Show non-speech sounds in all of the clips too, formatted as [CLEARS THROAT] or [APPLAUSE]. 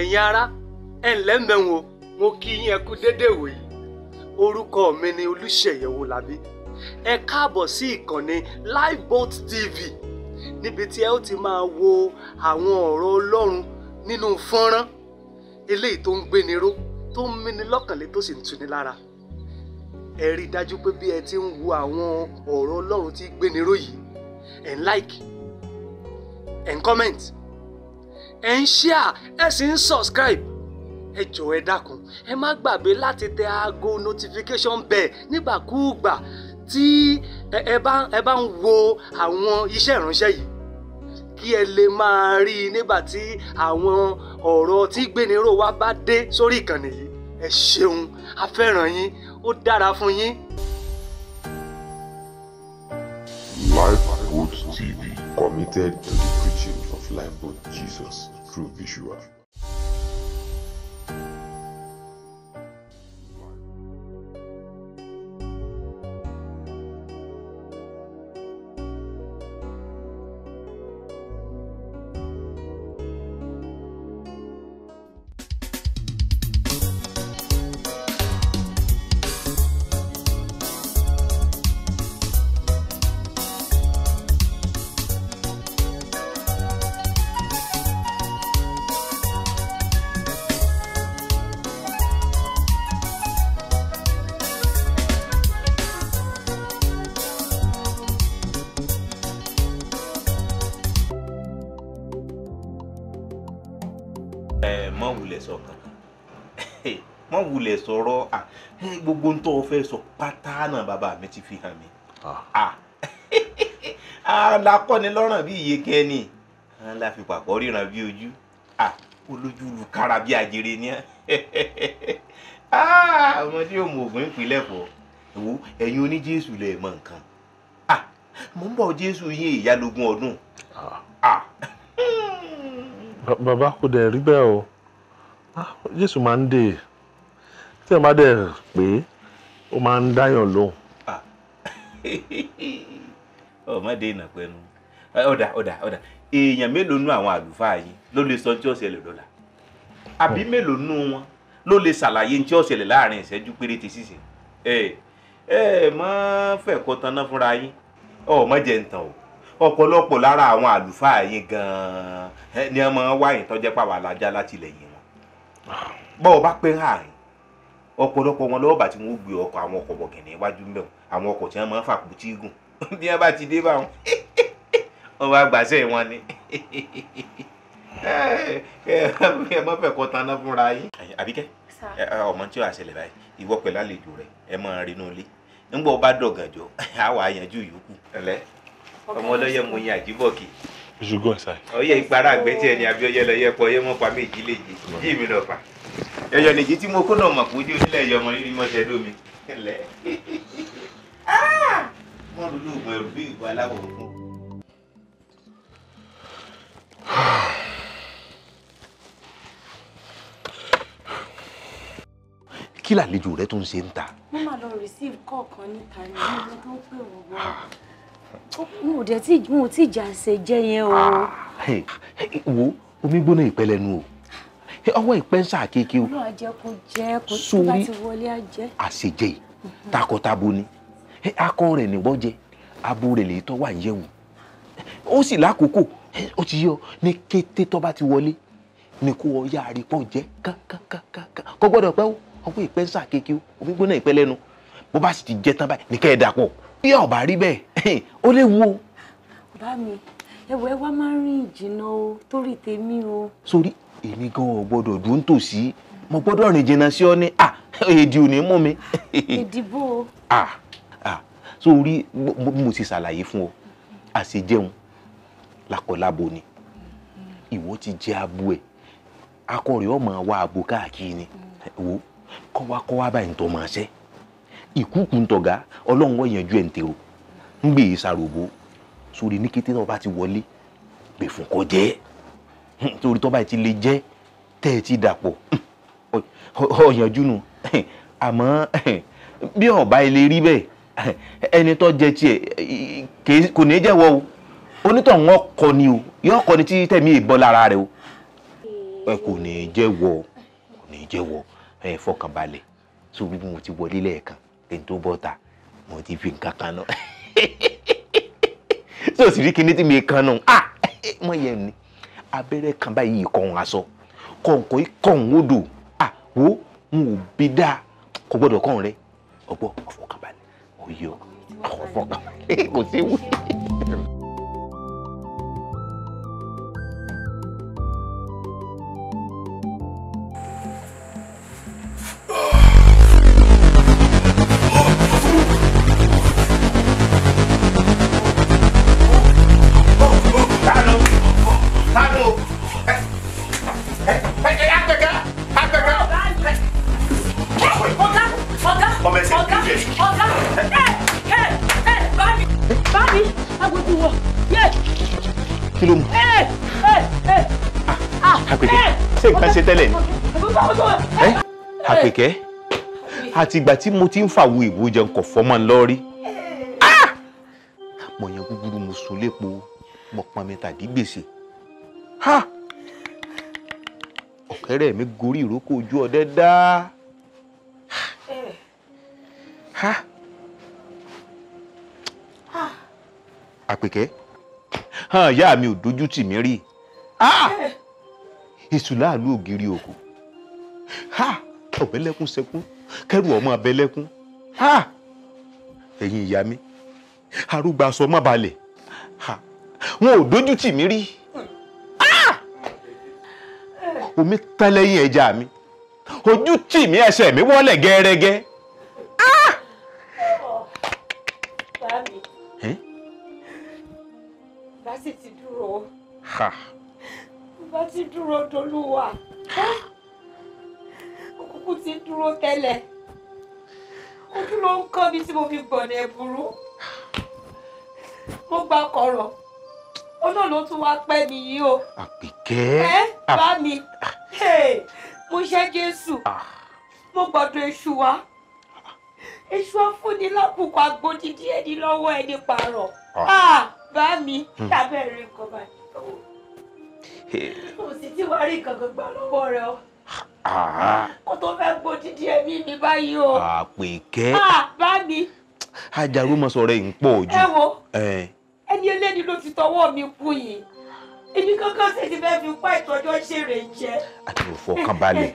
ẹ̀yin ará ẹ̀ ǹlẹ́ mẹ́wọ̀n o mo kí yín ẹ kú déédéé wòyí orúkọ mi ni Olúṣèyẹ Owólabí ẹ káàbọ̀ sí ìkànnì Lifeboat TV níbi tí ẹ ó ti máa wo àwọn ọ̀rọ̀ Ọlọ́run nínú fọ́nrán eléyìí tó ń gbéni ró tó ń mini lọ́kànlé tó sì ń tuni lára ẹ rí i dájú pé bí ẹ ti ń wo àwọn ọ̀rọ̀ Ọlọ́run tí gbéni ró yìí ẹ̀ ń like ẹ̀ ń comment ẹ ń ṣíà ẹ sì ń subscribe ẹ jọ̀ọ́ ẹ dákun ẹ má gbàgbé láti tẹ aago notification bell nígbàkúùgbà tí ẹ bá ń wo àwọn iṣẹ́ ìránṣẹ́ yìí kí ẹ lè máa rí i nígbà tí àwọn ọ̀rọ̀ tí gbéniró wa bá dé sórí ìkànnì yìí ẹ ṣeun a fẹ́ràn yín ó dára fún yín. Lifecoach TV committed to the life but Jesus through visual. wulẹ̀ sọ̀rọ̀ ah, gbogbo ntọ́ fẹ́ sọ pátá náà bàbá mi ti fi hàn mí. alakọ́ni ah. ah. [LAUGHS] lọ́ràn bí iye kẹ́ni la fi pàpọ̀ ríran bí ojú olójú olùkara bí ajere ni [LAUGHS] ọmọdé òmò ògùn ìpínlẹ̀ pọ̀ wo ẹ̀yin oní jésù lẹ̀ mọ nǹkan mo ń bọ̀ jésù yín ìyálógún ọdún. bàbá kò dẹ̀ rí bẹ́ẹ̀ o jésù máa ń dè é tí ẹ bá dẹ̀ pé ó máa ń dáyàn lóhùn. Ah. [LAUGHS] ọmọdé ìnà pẹ̀lú eh, ọ̀dà ọ̀dà ọ̀dà èèyàn mélòó nú àwọn àlùfáà yìí ló lè sọ tí ó ṣẹlẹ̀ lọ́la àbí hmm. mélòó nú wọn ló lè ṣàlàyé tí ó ṣẹlẹ̀ láàrin ìṣẹ́jú péréte ṣíṣe ẹ ẹ mọ́ fẹ̀kọ́ taná fúnra yín ọmọ jẹ́ o ọ̀pọ̀lọpọ̀ lára àwọn àlùfáà yín gan-an ni wọ́n máa ń wá ìtọ́jẹ́pàwọ̀ alájà látìlẹ́yìn wọn ah. bọ́ọ̀ bá pé hàn ọpọlọpọ wọn lọ́wọ́ bá tí wọn gbé ọkọ àwọn ọkọ̀ bọ̀gìnì iwájú ń bẹ̀ àwọn ọkọ̀ tí wọ́n máa ń fàkútì gùn [LAUGHS] bí bá ti dé bá wọn bá [LAUGHS] gbàṣẹ wọn ni [LAUGHS] eh, eh, ẹ fúnra yín. àbíkẹ́ ọmọ tí wàá ṣẹlẹ̀ báyìí rẹ ẹ ilé nígbà bá á wà á yanjú ìyókù. ọmọ mo yan ọyẹ pọ ọyẹ ẹyọ nìjí tí mo kó náà mọ̀ kó dé onílẹ̀ ẹyọ ọmọ nínú ìmọ̀ṣẹ́ lómi. wọ́n lulú ògùn ẹ̀rù bí ìgbà aláwọ̀ ògùn. kí làlejò rẹ tó ń ṣe ń ta. mo máa lọ receive call kan níta ní ibi tó ń pè wọ́n wọ́n ah. ò dẹ̀ tí n ò tí ṣe jẹ́ yẹn o. Ah. wo omi gbóná ìpẹlẹnu o ọwọ́ ìpẹ́nsà kéèké o. náà jẹ́ kó jẹ́ kó tó bá ti wọlé ajẹ́. àṣejẹ mhm. takọtabo ni akọ rẹ̀ nìwọ́ jẹ abo rẹ̀ lè tọ́ wà yẹ̀wò ó sì lákòókò ó ti yọ ní kété tó bá ti wọlé ni kó ọyá àrípọ̀ jẹ́ kákákáká kò gbọ́dọ̀ pẹ́ o ọwọ́ ìpẹ́nsà kéèké o omi gbóná ìpẹ́lẹ́nu bó bá sì ti jẹ tán báyìí ní kẹ́ ẹ̀ dà pọ̀ bí ó bá rí bẹ́ẹ̀ ó léwu o. bá mi ẹwẹ́ wá máa ń rìn ìjìnnà o torí tèmi o. sori èmi gan ò gbọ́dọ̀ dùn tòsí mo gbọ́dọ̀ rìn jìnnà sí ọ ní à èdè ò ní mú mi. ìdìbò. [LAUGHS] à à so orí mo ti ṣàlàyé fún ọ àṣejẹun lakọlábo ni ìwọ ti jẹ abo ẹ akọrẹ ọmọ wa abo káàkiri ni wo kọwakọwa báyìí tó máa ṣe ìkúùkù ntọ̀gá ọlọ́run ọ̀yànjú ẹ̀ ń tèrò ń gbé ìsàròbó e sórí ní kété tó bá ti wọlé gbè fún kọjẹ́. Hmm, torí tó báyìí ti lè jẹ́ tẹ́ ẹ ti dàpọ̀ hmm, ọ̀yànjú nu hmm, àmọ́ bí ọ̀bá ilé rí bẹ́ẹ̀ ẹni tó jẹ tiẹ̀ kò ní jẹ́wọ́ o onítọ̀hún ọkọ ni o yóò kọ ni tí tẹ̀mí ìbọn lára rẹ o ẹ kò ní jẹ́wọ́ kò ní jẹ́wọ́ ẹ fọkànbalẹ̀ sórí bí mo ti wọlé lẹ́ẹ̀kan kí n tó bọ́ ta mo ti fi nǹkan kan náà sóòsì [LAUGHS] rí tí mi kan náà ah [LAUGHS] mọ̀ yẹn ni abẹ́rẹ́ kan báyìí kọ̀ọ̀hún aṣọ kọ̀ọ̀kọ̀ kọ̀ọ̀hún odò à wo n ò bí dáa kò gbọ́dọ̀ kọ̀ọ̀hún rẹ ọgbọ́ ọ̀fọ̀kànbalẹ̀ òye ọ̀fọ̀kànbalẹ̀ [LAUGHS] kò sí wúlò. àṣàkẹ́ àtìgbà tí mo ti ń fàwo ìwò jẹun kò fọ́mọ lọ́rí ah! mọ̀yàn gúgúrú mo sùn lépo mo pọn mi tàbí gbèsè ọ̀kẹ́rẹ́ mi gorí ìrókò ojú ọdẹ dá àpèkẹ́ hàn ìyá mi ò dojú tì mí rí ah! èṣù láàlú ògiri òkú. Ha! ọ̀bẹ́lẹ́kún sẹkún kẹ́rù ọmọ abẹ́lẹ́kún ẹ̀yin ìyá mi arúgbó aṣọ má balẹ̀ wọn ò dójú tì mí rí omi tán lẹ́yìn ẹja mi ojú tì mí ẹsẹ̀ mi wọlé gẹ́rẹ́gẹ́. bá sì ti dúró bá ti dúró dolúwa kúkú ti dúró tẹ́lẹ̀ ojú ló ń kán mi tí mo fi gbọ̀nà ẹ̀bùrú mo gba kọ̀rọ̀ ọ̀nà ló tún wá pẹ́ mi yìí o. àpèkẹ́. ẹ ah. bá mi mo ṣe jésù ah. mo gbọ́dọ̀ èṣù wa èṣù afúnni lábùkù agbódìdí ẹni lọ́wọ́ ẹni pààrọ̀ ah. bá mi tàbẹ̀rẹ̀ hmm. nǹkan báyìí. mo sì ti wá rí nǹkan kan gbà lọ́wọ́ rẹ o kó tó fẹ́ gbòdìdí ẹ̀mí mi báyìí o. àpèkẹ́. bá mi. ajaru mọ sọ̀rọ̀ yìí ń pọ̀ jù. ẹ wo ẹni eléyìí ló fi tọwọ́ mi kú yìí èmi kankan sì ti fẹ́ fi pa ìtọ́jọ́ ṣeré jẹ. àti òfò kan balẹ̀.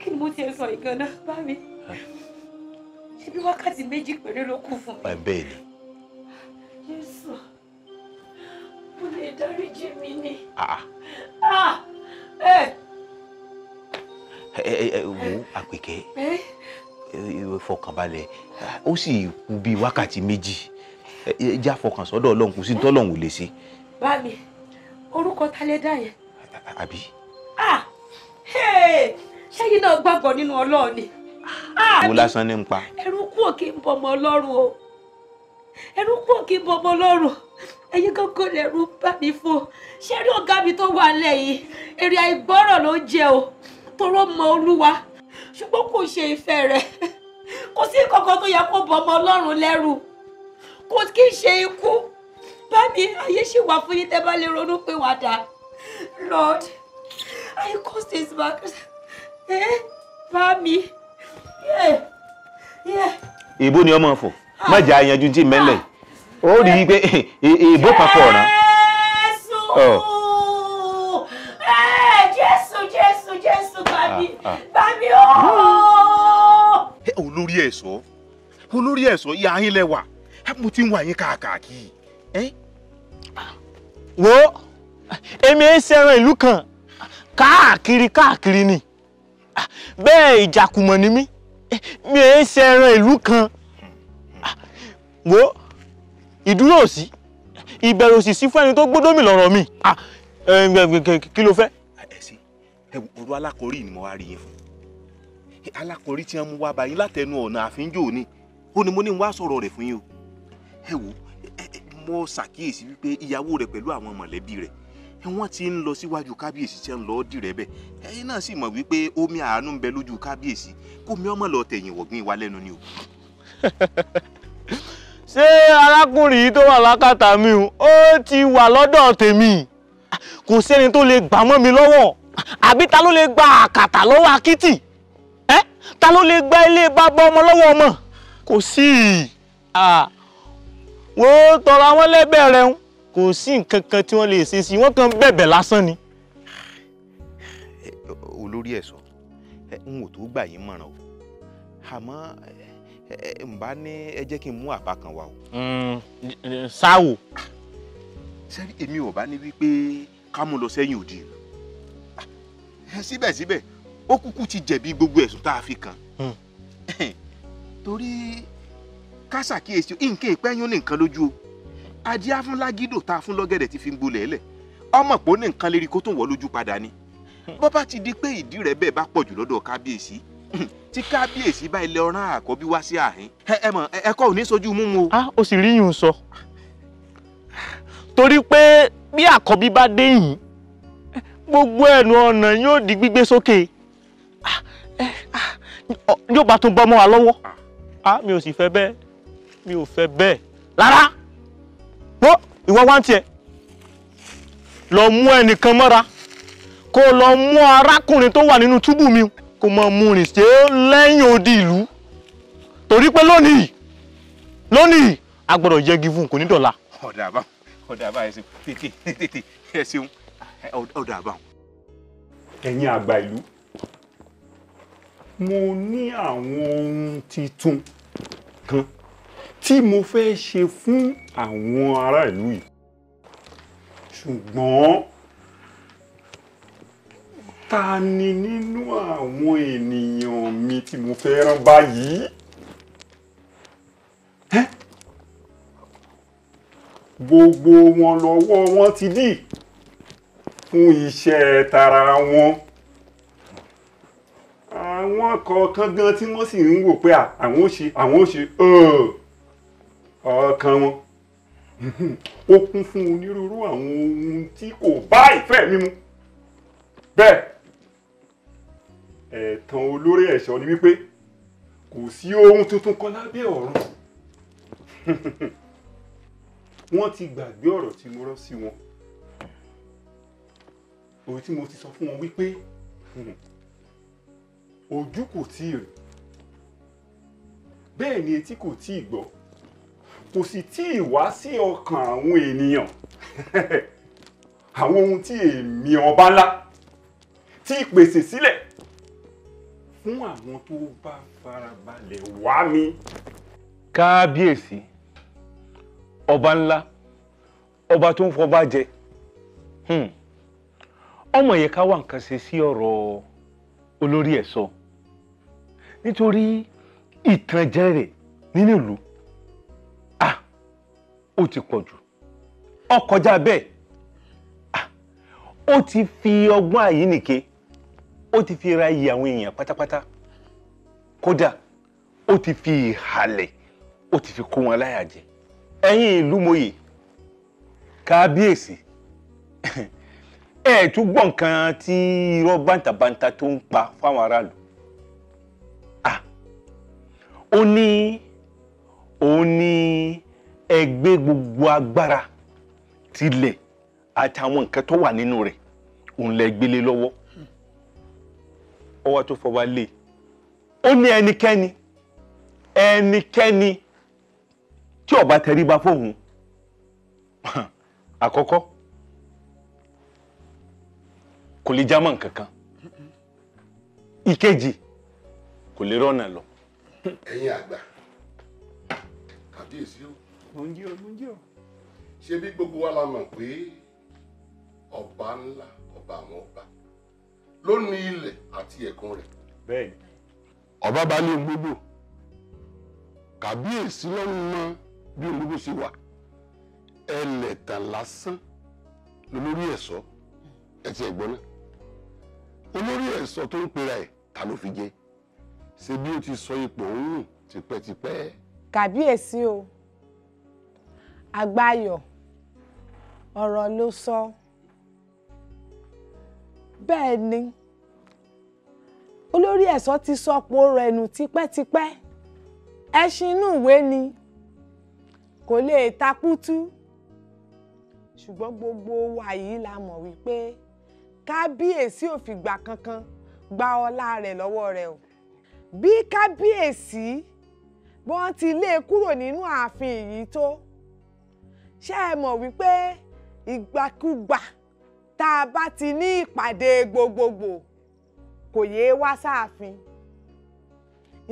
kí ni mo ti sọ ìgànnà bá mi ṣe bí wákàtí méjì péré ló kù fún mi. bẹ́ẹ̀ ni. Jésù mo lè dáríjì mi ni wo àpèkẹ́ fọkànbalẹ̀ ó sì kú bíi wákàtí méjì já fọkàn sọ́dọ̀ ọlọ́run kò sí ní tọ́lọ́run ò lè ṣe. bá mi orúkọ ta lè dá yẹn. àbí. ṣẹ́yìn náà gbàgbọ́ nínú ọlọ́run ni. wo lásán ní n pa. ẹrú kú òkè ń bọmọ ọlọ́run o ẹrú kú òkè ń bọmọ ọlọ́run ẹ̀yin kankan lẹrú bá mi fún ṣẹ́rí ọ̀gá mi tó wà lẹ́yìn èrè àìgbọ́rọ̀ ló jẹ́ o tọrọ mọ olúwa ṣùgbọ́n kò ṣe ìfẹ́ rẹ̀ kò sí kankan tó yẹ kó bọ ọmọ ọlọ́run lẹ́rù kò kí ṣe ikú bá mi ayé ṣì wà fún yín tẹ́ bá lè ronú pé wà dá Lord I caused this back ẹ bá mi ìbò ni ọmọ fò má jà yanjú tí mẹ́lẹ̀ ah. ó rí i pé eh, eh, ìbò papọ̀ ọ̀ràn. Jésù bàbí bàbí ooo. olórí ẹ̀ṣọ́ olórí ẹ̀ṣọ́ ìyá yín lẹ́wà mo ti ń wà yín káàkiri. wo èmi ń ṣẹran ìlú kan káàkiri káàkiri ni bẹ́ẹ̀ ìjàkùmọ̀ ni mí mi ń ṣẹran ìlú kan wo ìdúró òsì ìbẹ̀rù òsì sí fún ẹni tó gbódómì lọ́rọ̀ mi ah, kí ló fẹ́. òru alákòrí ni mo wá rí yín fún alákòrí tí wọ́n mú wá báyìí látẹnu ọ̀nà àfínjò ni ó ní mo ní wá sọ̀rọ̀ rẹ̀ fún yín o ẹ wò mo ṣàkíyèsí wípé ìyàwó rẹ̀ pẹ̀lú àwọn mọ̀lẹ́bí rẹ̀ wọ́n ti ń lọ síwájú kábíyèsí tí ń lọ dì rẹ̀ bẹ́ẹ̀ ẹ̀yin náà sì mọ̀ wípé omi àánú ń bẹ lójú kábíyèsí kó mi ọmọ lọ tẹ̀yìn wọ̀gbìn wa lẹ́nu ni o. [LAUGHS] ṣé arákùnrin yìí tó wà lákàtà mi ó ti wà lọ́dọ̀ tèmi kò sẹ́ni tó lè gbàmọ́ mi lọ́wọ́. àbí ta ló lè gba àkàtà lọ́wọ́ akitì ẹ́ ta ló lè gba ilé bàbá ọmọ lọ́wọ́ ọmọ kò sí i wò ó tọrọ àwọn lẹ́bẹ̀ ń kò sí nǹkan kan tí wọ́n lè ṣe sí wọ́n kàn bẹ̀bẹ̀ lásán ni. olórí ẹ̀ sọ n ò tó gbà yín mọ̀ràn o àmọ́ n bá ní ẹ jẹ́ kí n mú àbá kan wá o. Hmm, sáwò. sẹ́rí èmi ò bá ní wípé ká mú lọ sẹ́yìn òdì o síbẹ̀síbẹ̀ ó kúkú ti jẹ̀bi gbogbo ẹ̀sùn tá a fi kàn hmm. [CLEARS THROAT] torí kásàkíyèsí nǹkan ìpẹ́yún ní nǹkan lójú o adíá fún tá a fún lọ́gẹ̀dẹ̀ ti fi ń gbolẹ̀ ẹ̀lẹ̀ ọmọ pò ní nǹkan lérí kó tó lójú padà ni hmm. bó bá ti di pé ìdí rẹ̀ bẹ́ẹ̀ bá pọ̀ jù lọ́dọ̀ kábíyèsí [CLEARS THROAT] tí kábíyèsí bá ilẹ̀ ọ̀ràn àkọ́bí wá sí àhín ẹ mọ̀ ẹ̀kọ́ ò ní sojú mú o. a ah, ó sì sọ torí pé bí àkọ́bí bá dé yìí gbogbo ẹnu ọ̀nà yóò di gbígbé sókè ah, eh, ah, yóò bá tún bọ́ mọ́ wa lọ́wọ́ ah, mi ò sì fẹ́ bẹ́ẹ̀ mi ò fẹ́ bẹ́ẹ̀ rárá wo ìwọ wá ń tiẹ̀ lọ mú ẹnìkan mọ́ra kó lọ mú arákùnrin tó wà nínú túbú mi kó mọ mú rìn ṣe lẹ́yìn odi ìlú torí pé lónìí lónìí a gbọ́dọ̀ yẹgi fún kò ní dọ̀la. ọ̀dà bá ọ̀dà bá ẹ ṣeun tètè tètè ẹ ṣeun ó dà báwọn. ẹ̀yin àgbà ìlú mo ní àwọn ohun titun kan tí mo fẹ́ ṣe fún àwọn ará ìlú yìí ṣùgbọ́n ta ni nínú àwọn ènìyàn mi tí mo fẹ́ rán báyìí gbogbo wọn lọ́wọ́ wọn ti dì fún iṣẹ́ tara wọn àwọn kọ̀ọ̀kan gan tí wọ́n sì ń wò pé àwọn ò ṣe àwọn ò ṣe ọkàn wọn ó kún fún onírúurú àwọn ohun tí kò bá ìfẹ́ mi mu bẹ́ẹ̀ ẹ̀tàn olórí ẹ̀ṣọ́ ni wípé kò sí ohun tuntun kan lábẹ́ ọ̀run [LAUGHS] wọ́n ti gbàgbé ọ̀rọ̀ tí mo rọ́ sí wọn òwe tí mo ti sọ fún wọn wípé hmm, ojú kò tí ì rí bẹ́ẹ̀ ni etí kò tí ì gbọ́ kò sì tí ì wá sí ọkàn àwọn ènìyàn [LAUGHS] àwọn ohun tí èmi ọba ńlá ti pèsè sílẹ̀ fún àwọn tó bá farabalẹ̀ wá mi. kábíyèsí ọba ńlá ọba tó ń fọba jẹ. Hmm ọmọ yẹ ká wá nǹkan ṣe sí ọ̀rọ̀ olórí ẹ̀ sọ nítorí ìtànjẹ rẹ̀ nínú ìlú ah ó ti pọ̀ jù ó bẹ́ẹ̀ ah ó ti fi ọgbọ́n àyíníke ó ti fi ra iye àwọn èèyàn pátápátá kódà ó ti fi ìhàlẹ̀ ó ti fi kó wọn láyà jẹ ẹ̀yin ìlú mòye kábíyèsí ẹ tún gbọ́ nǹkan tí irọ́ bàǹtàbàǹtà tó ń pa fáwọn aráàlú ó ní òun ní ẹgbẹ́ gbogbo agbára tilẹ̀ àtàwọn nǹkan tó wà nínú rẹ̀ òun lẹ gbélé lọ́wọ́ ọwọ́ tó fọwọ́ lé ó ní ẹnikẹ́ni ẹnikẹ́ni tí ó tẹríba fóun àkọ́kọ́ kò lè jámọ́ nǹkan kan ìkejì kò lè rọ́nà lọ. ẹ̀yin àgbà kàbíyèsí o. mo ń jí o mo ń jí o. ṣé bí gbogbo wa la mọ̀ pé ọba ńlá ọba àwọn ọba ló ní ilẹ̀ àti ẹ̀kún rẹ̀. bẹ́ẹ̀ni. ọba bá ní gbogbo kàbíyèsí ló ń bí gbogbo ṣe wà ẹlẹ́tàn lásán lórí ẹ̀sọ́ ẹ̀ ẹ̀gbọ́n náà olórí ẹ̀sọ́ tó ń pera ẹ̀ ta ló fi jẹ ṣe bí ó ti sọ ipò òun nù tipẹ́tipẹ́. kàbíyèsí o àgbáyọ̀ ọ̀rọ̀ ló sọ bẹ́ẹ̀ ni olórí ẹ̀sọ́ ti sọpọ̀ rẹ̀ nù ẹṣin inú ìwé ni kò lè takútú ṣùgbọ́n gbogbo wa la mọ̀ wípé kábíyèsí ò fìgbà kankan gba ọlá rẹ̀ lọ́wọ́ rẹ̀ o bí kábíyèsí wọ́n ti lé e kúrò nínú ààfin yìí tó ṣé ẹ mọ̀ wípé ìgbàkúgbà tá a bá ti ní ìpàdé gbogbogbò kò yéé wá sáàfin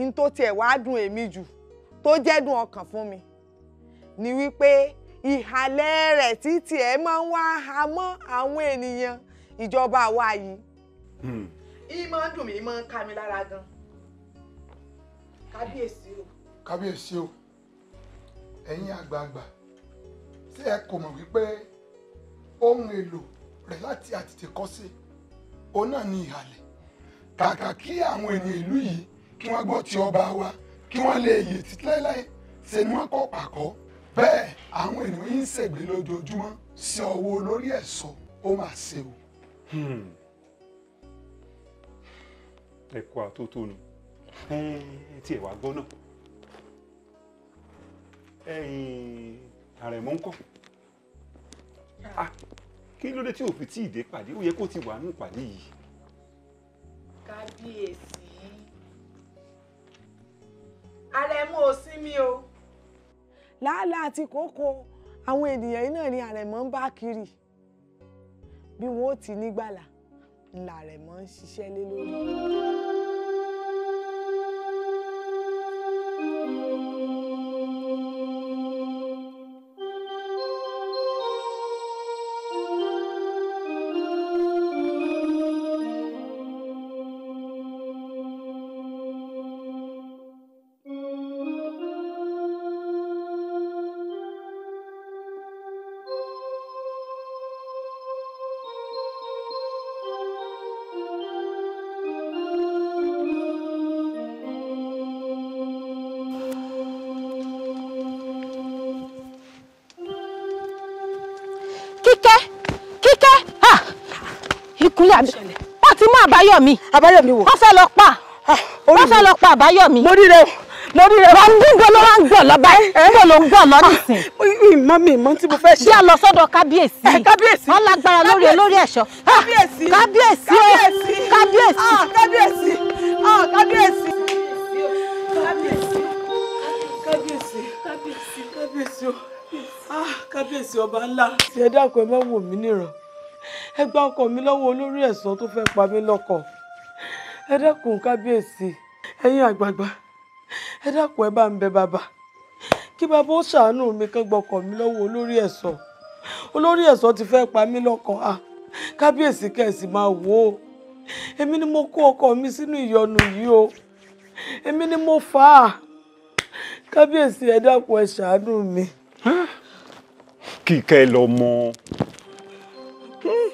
n tó tiẹ̀ wá dùn èmi jù tó jẹ́ ọkàn fún mi ni wípé ìhàlẹ̀ rẹ̀ títí ẹ̀ máa ń wá hamọ́ àwọn ènìyàn ìjọba wa yìí. Hmm. ìmọ̀ ń dùn mí ìmọ̀ ń ká mi lára gan. kábíyèsí o. kábíyèsí o ẹ̀yin àgbààgbà ṣé ẹ kò mọ̀ wípé ohun èlò rẹ̀ láti àtètè kọ́ṣe òun náà ni ìhàlẹ̀ kàkà kí àwọn ènìyàn ìlú yìí kí wọ́n gbọ́ ti ọba wa kí wọ́n lè yè títí láéláé ṣe ni wọ́n kọ́ pàkọ́ bẹ́ẹ̀ àwọn ènìyàn yìí ń ṣègbè lójoojúmọ́ sí ọwọ́ olórí ẹ̀ṣọ́ ó mà ṣe o. Hmm. ẹ kó àtótó ni ẹ tiẹ̀ wá gbọ́ náà ẹ̀yìn àrẹ̀mọ́ ń kọ́ ah, kí ló dé tí òfin tí ìdè pàdé ó yẹ kó ti wà ní ìpàdé yìí. kábíyèsí àrẹ̀mọ́ ò sí mi o. làálàá àti kókó àwọn ènìyàn yìí náà ni àrẹ̀mọ́ ń bá kiri bí wọn ó ti nígbàlà ńlá rẹ̀ mọ́ ń ṣiṣẹ́ lé lórí. kíkẹ́ kíkẹ́ ìkúnlẹ̀ àbí wọ́n ti mú àbáyọ̀mí àbáyọ̀mí wò wọ́n fẹ́ lọ pa ah, wọ́n fẹ́ lọ pa àbáyọ̀mí. mo rí rẹ lórí rẹ. wọ́n ń gbọ́ ló wá ń gbọ́ lọ báyìí eh, eh. gbọ́ ló ń gbọ́ lọ ah, nísìn. ìmọ̀ mi ìmọ̀ tí mo fẹ́ ṣe. bí a lọ sọ́dọ̀ kábíyèsí. Eh, kábíyèsí wọ́n lágbára lórí olórí ẹ̀ṣọ́. kábíyèsí kábíyèsí kábíyèsí kábíyèsí kábíyèsí kábíyèsí kábíyèsí kábíyèsí. Ah, kábíyèsí ọba ńlá. ti ẹ dákun ẹ má wò mí nìran ẹ gba ọkọ mi lọ́wọ́ olórí ẹ̀ṣọ́ tó fẹ́ pa mí lọ́kọ ẹ dákun kábíyèsí ẹ̀yin àgbààgbà ẹ dákun ẹ bá ń bẹ bàbá kí bàbá ó ṣàánú mi kán gbọkọ mi lọ́wọ́ olórí ẹ̀ṣọ́ olórí ẹ̀ṣọ́ ti fẹ́ pa mí lọ́kọ à ah, kábíyèsí kẹ̀sì máa wò ó èmi ni mo kó ọkọ mi sínú ìyọnu yìí o èmi ni mo fà á kábíyèsí ẹ dákun ẹ ṣàánú mi kíkẹ́ lọ́mọ. Hmm.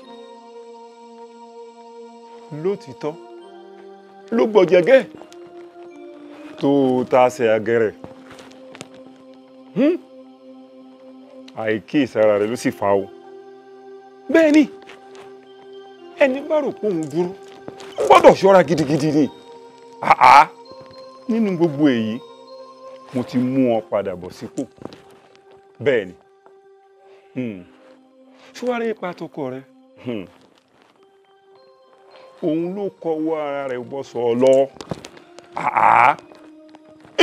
lótìtọ́ ló gbọ̀jẹ̀gẹ́ tó ta ṣe àgẹ̀rẹ̀ hmm. àìkíyèsára rẹ̀ ló sì fa o bẹ́ẹ̀ ni ẹni bá rò pé òun dúró ó gbọ́dọ̀ ṣọ́ra gidigidi ni àá nínú gbogbo èyí mo ti mú ọ padà bọ̀ sípò bẹ́ẹ̀ ni Hmm. ṣúwárí ipa tó kọ rẹ hmm. òun ló kọwọ́ ara rẹ̀ bọ́ sọ lọ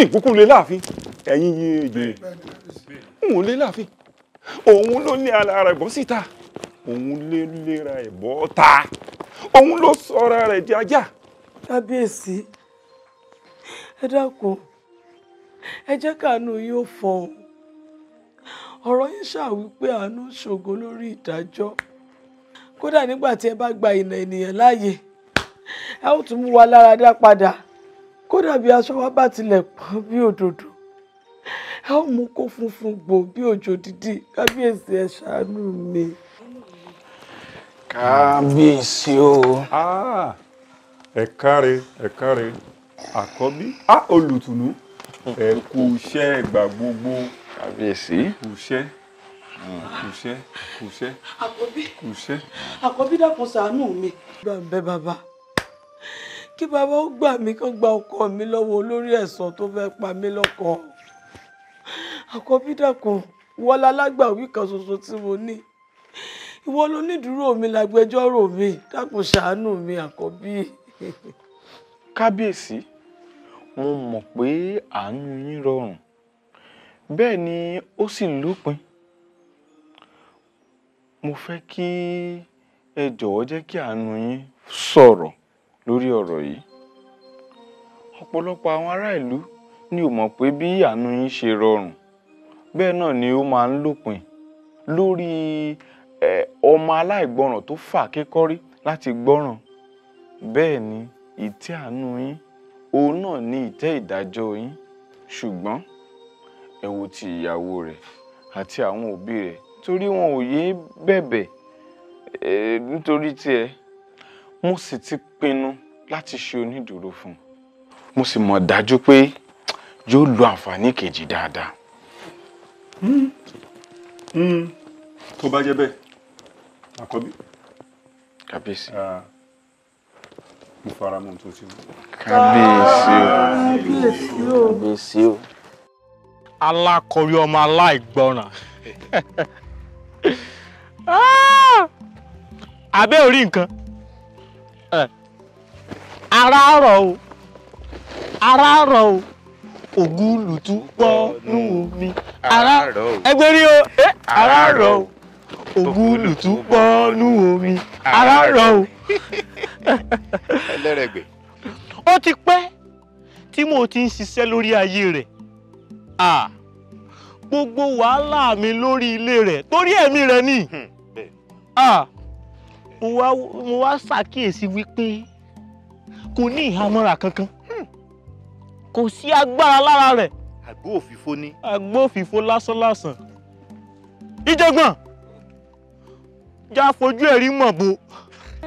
ìkúkú lè láàfin ẹ̀yin yìí èjì òun lè láàfin òun ló ní ara rẹ̀ bọ́ síta òun lè lera ẹ̀bọ́ ta òun ló sọra rẹ̀ di ajá. kábíyèsí ẹ dákun ẹ jẹ́ káàánú yóò fọ́n ọ̀rọ̀ yín ṣáà wípé àánú ṣògo lórí ìdájọ́ kódà nígbà tí ẹ bá gba ìnà ènìyàn láàyè ẹ ó tún mú wa lára dá padà kódà bí aṣọ wa bá tilẹ̀ pọ́n bí òdòdó ẹ ó mú kó funfun gbò bí òjò dídì kábíyèsí ẹ ṣàánú mi. kábíyèsí o. Ah, ẹ káre ẹ káre ah, olùtùnú ẹ iṣẹ́ ìgbà gbogbo kábíyèsí. kùṣẹ́ hmm, kùṣẹ́ kùṣẹ́. àkọ́bí kùṣẹ́. àkọ́bí dákun ṣàánú mi. bẹ́ẹ̀ bàbá kí bàbá ó gbà mí kó gba ọkọ mi lọ́wọ́ olórí ẹ̀sán tó fẹ́ pa mí lọ́kọ. àkọ́bí dákun wọlá lágbàwí kan ṣoṣo tí mo ní ìwọ ló nídùúró mi lágbẹjọ́rò mi dákun ṣàánú mi àkọ́bí. kábíyèsí mo mọ̀ pé àánú yín rọrùn bẹ́ẹ̀ ni ó sì lópin mo fẹ́ kí ẹ jọ̀wọ́ jẹ́ kí àánú yín sọ̀rọ̀ lórí ọ̀rọ̀ yìí ọ̀pọ̀lọpọ̀ àwọn ará ìlú ni ò mọ̀ pé bí àánú yín ṣe rọrùn bẹ́ẹ̀ náà ni ó máa ń lópin lórí ọmọ aláìgbọràn tó fà kékọ́rí láti gbọ́ràn bẹ́ẹ̀ ni ìtẹ́ àánú yín òun náà ni ìtẹ́ ìdájọ́ yín ṣùgbọ́n ẹ wo ti ìyàwó rẹ̀ àti àwọn òbí rẹ̀ torí wọn ò yéé bẹ̀bẹ̀ e, nítorí tiẹ̀ mo sì ti pinnu láti ṣe onídùúró fún un mo sì mọ̀ dájú pé yóò lo àǹfààní kejì dáadáa. tó bá jẹ́ bẹ́ẹ̀ àkọ́bí. kábíyèsí. mo fara mọ́ ohun tó ti wù. kábíyèsí o kábíyèsí o alákọ̀rí ọmọ aláìgbọràn àbẹ́ [LAUGHS] orí nǹkan ara rọ̀ o ara rọ̀ o ògùn lùtú wọnú mi ara ẹgbẹ́ rí o eh, ara rọ̀ o ògùn lùtú wọnú mi ara rọ̀ o. ẹlẹ́rẹ̀gbẹ́. ó ti pẹ́ tí mo ti ń ṣiṣẹ́ lórí ayé rẹ̀ gbogbo wàhálà mi lórí ilé rẹ̀ torí ẹ̀mí rẹ̀ ni hmm, mo wá ṣàkíyèsí wípé kò ní ìhámọ́ra kankan hmm. kò sí agbára lára rẹ̀ àgbò òfìfo ni àgbò òfìfo lásánlásán ìjẹgbọn já fojú ẹ̀ rí mọ̀ bo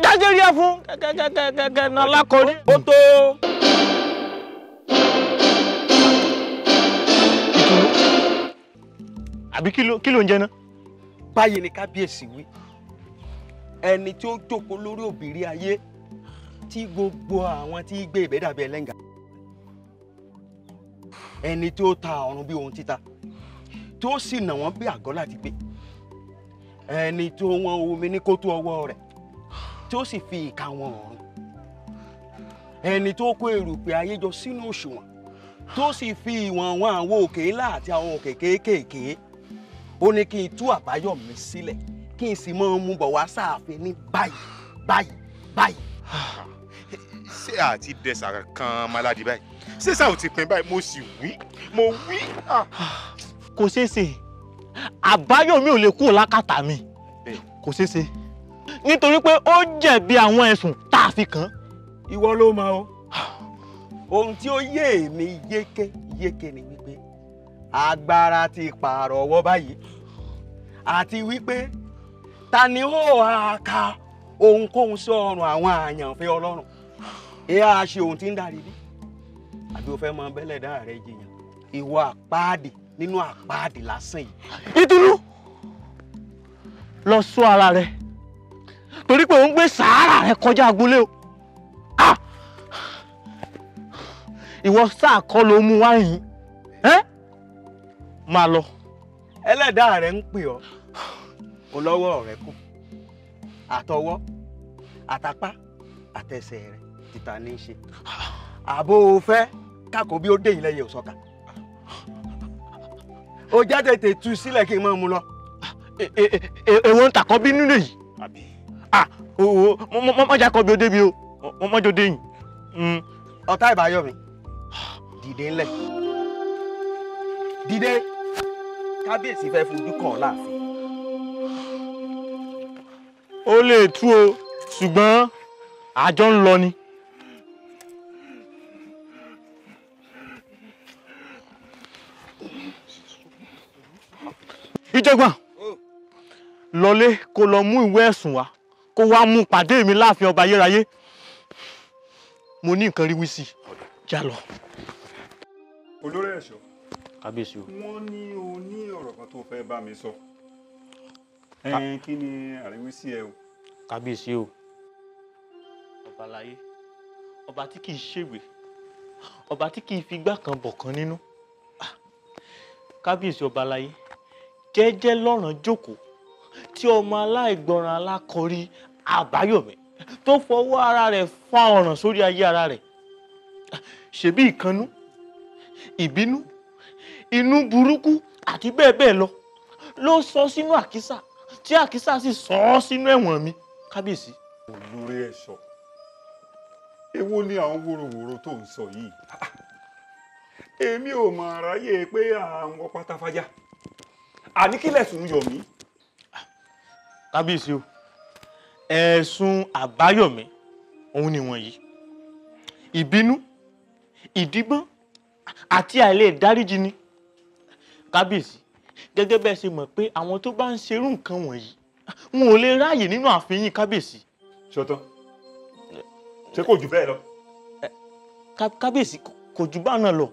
dájẹ́rí ẹ̀ fún kẹ́kẹ́kẹ́kẹ́kẹ́ náà lákọ̀ọ́rí ó tó. àbí kí ló ń jẹ ná. báyìí ni kábíyèsí wí ẹni tí ó jókòó lórí òbírí ayé tí gbogbo àwọn tí gbé ibẹ̀ dàbí ẹlẹ́ngà ẹni tí ó ta ọ̀run bí ohun títa tí ó sì nà wọ́n bí àgọ́ láti gbé ẹni tí ó wọ́n omi ní kótó ọwọ́ rẹ̀ tí ó sì fi ìka wọn ọ̀run ẹni tó kó èrùpẹ̀ ayé jọ sínú òṣùwọ̀n tó sì fi ìwọ̀n wọn àwọn òkè ńlá àti àwọn òkè kéékèèké ó ní kí n tú àbáyọ mi sílẹ̀ kí n sì máa mú bọ̀ wá sáàfin ní báyìí báyìí báyìí. ṣé àti dẹ̀sà kan maladi báyìí ṣé sáà ò ti pin báyìí mo sì wí mo wí. kò ṣeé ṣe àbáyọ mi ò lè kúrò lákàtà mi kò ṣeé ṣe nítorí pé ó jẹ̀bi àwọn ẹ̀sùn tá a fi kàn án. ìwọ ló mọ o ohun tí ó yé èmi yékéyéké ni agbára ti pààrọ̀ ọwọ́ báyìí àti wípé ta ni ó ka ohunkóhun sí ọrùn àwọn àyànfẹ́ ọlọ́run ẹ á ṣe ohun tí ń darí bí àbí o fẹ́ mọ bẹ́lẹ̀ dá rẹ jiyàn ìwọ àpáàdì nínú àpáàdì lásán yìí. ìdúró lọ sọ ara rẹ torí pé òun gbé sàárà rẹ kọjá agboolé o ah! ìwọ sáà kọ́ ló mú wáyìn máa lọ. ẹlẹ́dàá rẹ̀ ń pè ọ́ kò lọ́wọ́ rẹ̀ kù àtọwọ́ àtapá àtẹsẹ̀ rẹ̀ títà ní í ṣe. àbò fẹ́ kákò bí ó dé yìí lẹ́yìn òsọ́ka. o já tètè tu sílẹ̀ kí n máa mu lọ. E, e, e, èwo ń tàkọ́ bí nílé yìí. ah owó mọ́jà kọ́ bí ó débi o mọ́jọ́ dé yìí. Hmm. ọ̀tá ìbáyọ̀ mi dìde ńlẹ̀ dìde kábíyèsí fẹ́ fojú kàn láàfin. ó lè tú o ṣùgbọ́n àjọ ń lọ ni. ìjọgbọ́n lọlé kó lọ mú ìwé ẹ̀sùn wá kó wá mú pàdé mi láàfin ọba ayérayé mo ní nǹkan rí wí sí i já lọ. olórí ẹ̀ṣọ́ kábíyèsí o. wọ́n ní o ní ọ̀rọ̀ kan tó fẹ́ bá mi sọ. ẹn kí ni àríwísí ẹ o. kábíyèsí o. ọba láyé ọba tí kì í ṣègbè ọba tí kì í figbá kan bọ̀ kan nínú ah, kábíyèsí ọba láyé jẹ́jẹ́ lọ́ràn jókòó tí ọmọ aláìgbọràn alákọ̀rí àbáyọ̀mí tó fọwọ́ ara rẹ̀ fa ọ̀ràn sórí ayé ara rẹ̀ ah, ṣebí ìkannú ìbínú inú burúkú àti bẹ́ẹ̀ bẹ́ẹ̀ lọ ló sọ sínú àkísà tí àkísà sì sọ ọ́ sínú ẹ̀wọ̀n mi kábíyèsí. olórí ẹ̀ṣọ́ èwo ni àwọn wòròwòro tó ń sọ yìí èmi ò mọ̀ àráyè pé àwọn pátáfájà àní kí lẹ̀sùn yọ̀ mí. kábíyèsí o ẹ̀sùn àbáyọ̀mí òun ni wọ̀nyí ìbínú ìdígbọ́n àti àìlè dáríjì ni kábíyèsí gẹ́gẹ́ bẹ́ẹ̀ ṣe mọ̀ pé àwọn tó bá ń ṣerú nǹkan wọ̀nyí wọn ò lè ráàyè nínú ààfin yín kábíyèsí. ṣọtán ṣé kò jù bẹ́ẹ̀ lọ. kábíyèsí kò jù bá náà lọ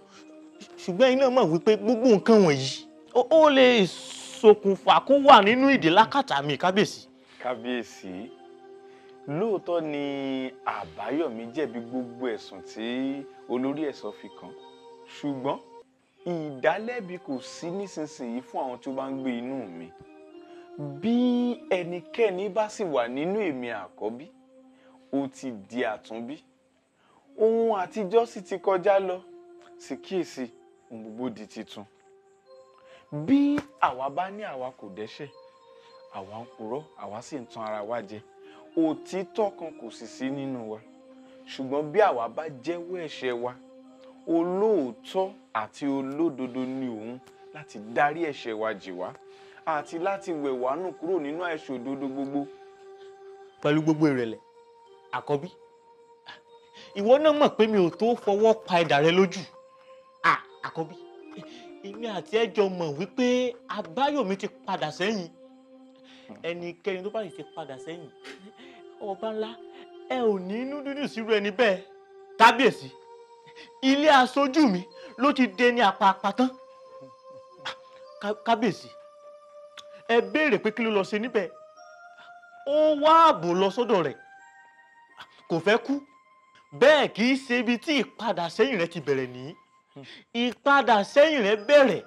ṣùgbọ́n iná mọ̀ wípé gbogbo nǹkan wọ̀nyí ó lè ṣokùnfà kó wà nínú ìdè lákàtà mi kábíyèsí. kábíyèsí lóòótọ́ ni àbáyọ̀mí jẹ̀bi gbogbo ẹ̀sùn tí olórí ẹ̀sọ́ fi kàn ṣùgbọ́n ìdálẹ́bi kò sí nísinsìnyí fún àwọn tí ó bá ń gbé inú mi bí ẹnikẹ́ni bá sì wà nínú èmi àkọ́bí ó ti di àtúnbí ohun àtijọ́ sì ti kọjá lọ sì kíyèsí ohun gbogbo di titun bí àwa bá ní àwa kò dẹ́ṣẹ̀ àwa ń purọ́ àwa sì ń tan ara wa jẹ òtítọ́ kan kò sì sí nínú wa ṣùgbọ́n bí àwa bá jẹ́wọ́ ẹ̀ṣẹ̀ wa olóòótọ́ àti olódodo ni òun láti dárí ẹ̀ṣẹ̀ wa jì wá àti láti wẹ̀ wá nù kúrò nínú ẹ̀ṣẹ̀ òdodo gbogbo. pẹ̀lú gbogbo ìrẹ̀lẹ̀ àkọ́bí ìwọ náà mọ̀ pé mi ò tó fọwọ́ pa ẹ̀dà rẹ lójú àkọ́bí èmi àti ẹjọ́ mọ̀ wípé abáyọ̀mí ti padà sẹ́yìn ẹnikẹ́ni tó bá sì ti padà sẹ́yìn ọba ńlá ẹ ò ní inú dúdú sírú ẹni bẹ́ẹ̀ kábíyèsí ilé aṣojú mi ló ti dé ní apapa tán kábíyèsí ẹ béèrè pé kí ló lọ ṣe níbẹ̀ ó wá ààbò lọ sọ́dọ̀ rẹ̀ kò fẹ́ kú bẹ́ẹ̀ kì í ṣe ibi tí ìpadà sẹ́yìn rẹ̀ ti bẹ̀rẹ̀ nìyí ìpadà sẹ́yìn rẹ̀ bẹ̀rẹ̀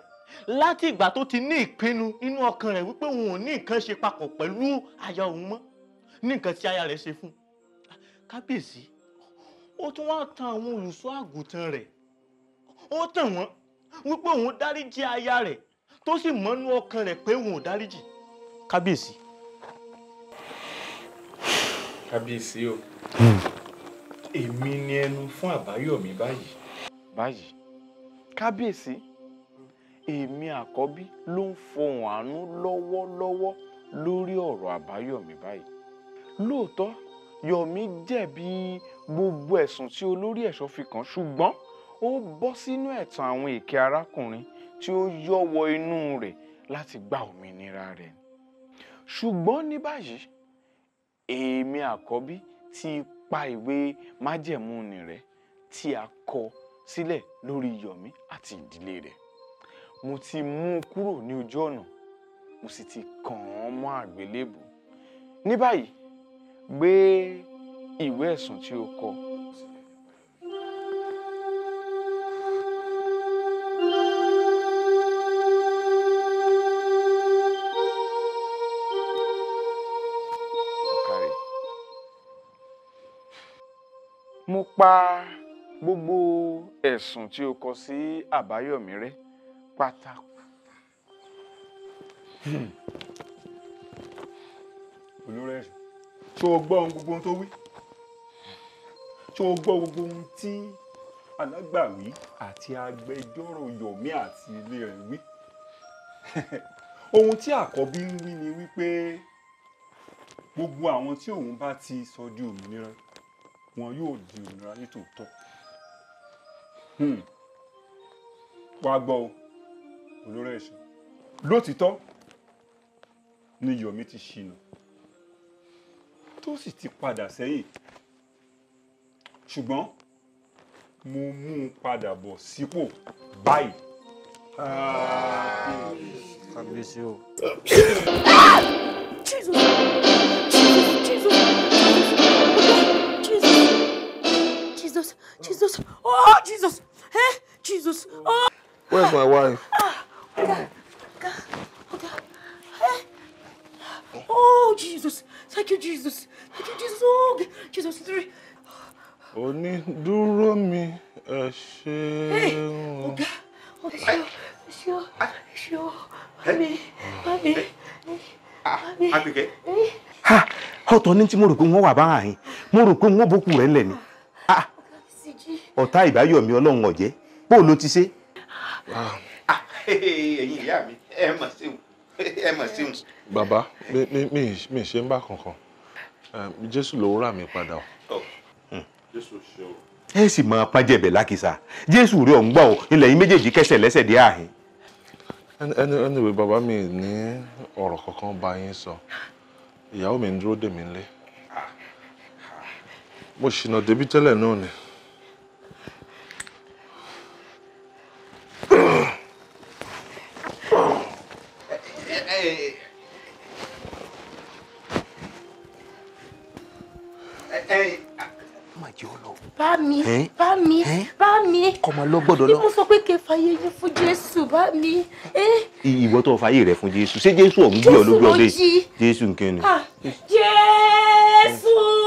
láti ìgbà tó ti ní ìpinnu nínú ọkàn rẹ̀ wípé òun ò ní nǹkan ṣe papọ̀ pẹ̀lú aya òun mọ́ ní nǹkan tí aya rẹ̀ ṣe fún kábíyèsí ó tún wá tan àwọn olùṣọ́ àgùntàn rẹ̀ ó tàn wọ́n wípé òun dáríjì aya rẹ̀ tó sì mọ́nú ọkàn rẹ̀ pé òun ò dáríjì kábíyèsí. kábíyèsí o hmm. èmi ni ẹnu fún àbáyọ̀mí báyìí. báyìí kábíyèsí èmi àkọ́bí ló ń fohùn àánú lọ́wọ́lọ́wọ́ lórí ọ̀rọ̀ àbáyọ̀mí báyìí lóòótọ́ yọ̀mí jẹ̀bi gbogbo ẹ̀sùn tí olórí ẹ̀ṣọ́ fi kàn ṣùgbọ́n ó bọ́ sínú ẹ̀tàn àwọn èké arákùnrin tí ó yọ́wọ́ inú rẹ̀ láti gba òmìnira rẹ̀ ṣùgbọ́n ní báyìí èmi àkọ́bí ti pa ìwé májẹ̀mú ni rẹ̀ tí a kọ sílẹ̀ lórí Yọ̀mí àti ìdílé rẹ̀ mo ti mú un kúrò ní ojú ọ̀nà mo sì ti kàn án mọ́ àgbélébùú ní báyìí gbé. Be ìwé ẹ̀sùn tí ó kọ. mo pa gbogbo ẹ̀sùn tí o kọ sí àbáyọ̀mí rẹ́ pátá. Hmm. olùrẹ́sì tó gbọ́ ohun gbogbo tó wí tó gbọ́ gbogbo ohun tí alágbàwí àti agbẹjọ́rò Yomi àti ilé rẹ̀ wí [LAUGHS] ohun tí àkọ́bí ń wí ni wípé gbogbo àwọn tí òun bá ti sọ di òmìnira wọn yóò di òmìnira nítòótọ́ hmm. wá gbọ́ o olóró ẹ̀ṣọ́ lótìtọ́ ni Yomi ti ṣìnà tó sì ti padà sẹ́yìn ṣùgbọ́n mo mú un padà bọ̀ sípò báyìí. Jesus! Jesus! Oh, Jesus! Eh? Jesus! Oh! Where's my wife? Oh, Jesus! Thank you, Jesus! Thank you, Jesus! Oh, Jesus! Three! onídúró mi ẹ ṣeun. ọ̀gá ọ̀ṣọ́ ọ̀ṣọ́ ọ̀ṣọ́ mami mami mami. Àbíkẹ́. Ah, ọ̀tọ̀ ní tí mo rò pé wọ́n wà bá àyìn mo rò pé wọ́n bókù rẹ̀ ńlẹ̀ ni ah. Ah. ọ̀tá ìbáyọ̀mí ọlọ́run ọ̀jẹ́ bó ló ti ṣe. ẹ̀yin ìyá mi ẹ mọ̀ sí òun ẹ mọ̀ sí òun. bàbá mi mi mi ṣe ń bá kankan jésù ló rà mí padà ẹ sì máa pàjẹ́bẹ̀ lákìsà jésù rí ọ̀hún gbà ó ilẹ̀ yín méjèèjì kẹsẹ̀ lẹ́sẹ̀ dé àhín. ẹni ẹni wẹ bàbá mi ní ọ̀rọ̀ kankan bá yín sọ ìyàwó mi ń dúró dè lé mo ṣìnà débi tẹ́lẹ̀ náà ni. ọmọ lọ́gbọ́dọ̀ lọ. ibo sọ pé kẹfà yẹ yín fún jésù bá mi. ìwọ tó fàyè rẹ fún jésù ṣé jésù ọ̀hún gbé ọ ló gbé ọ dé jésù ah, jésù.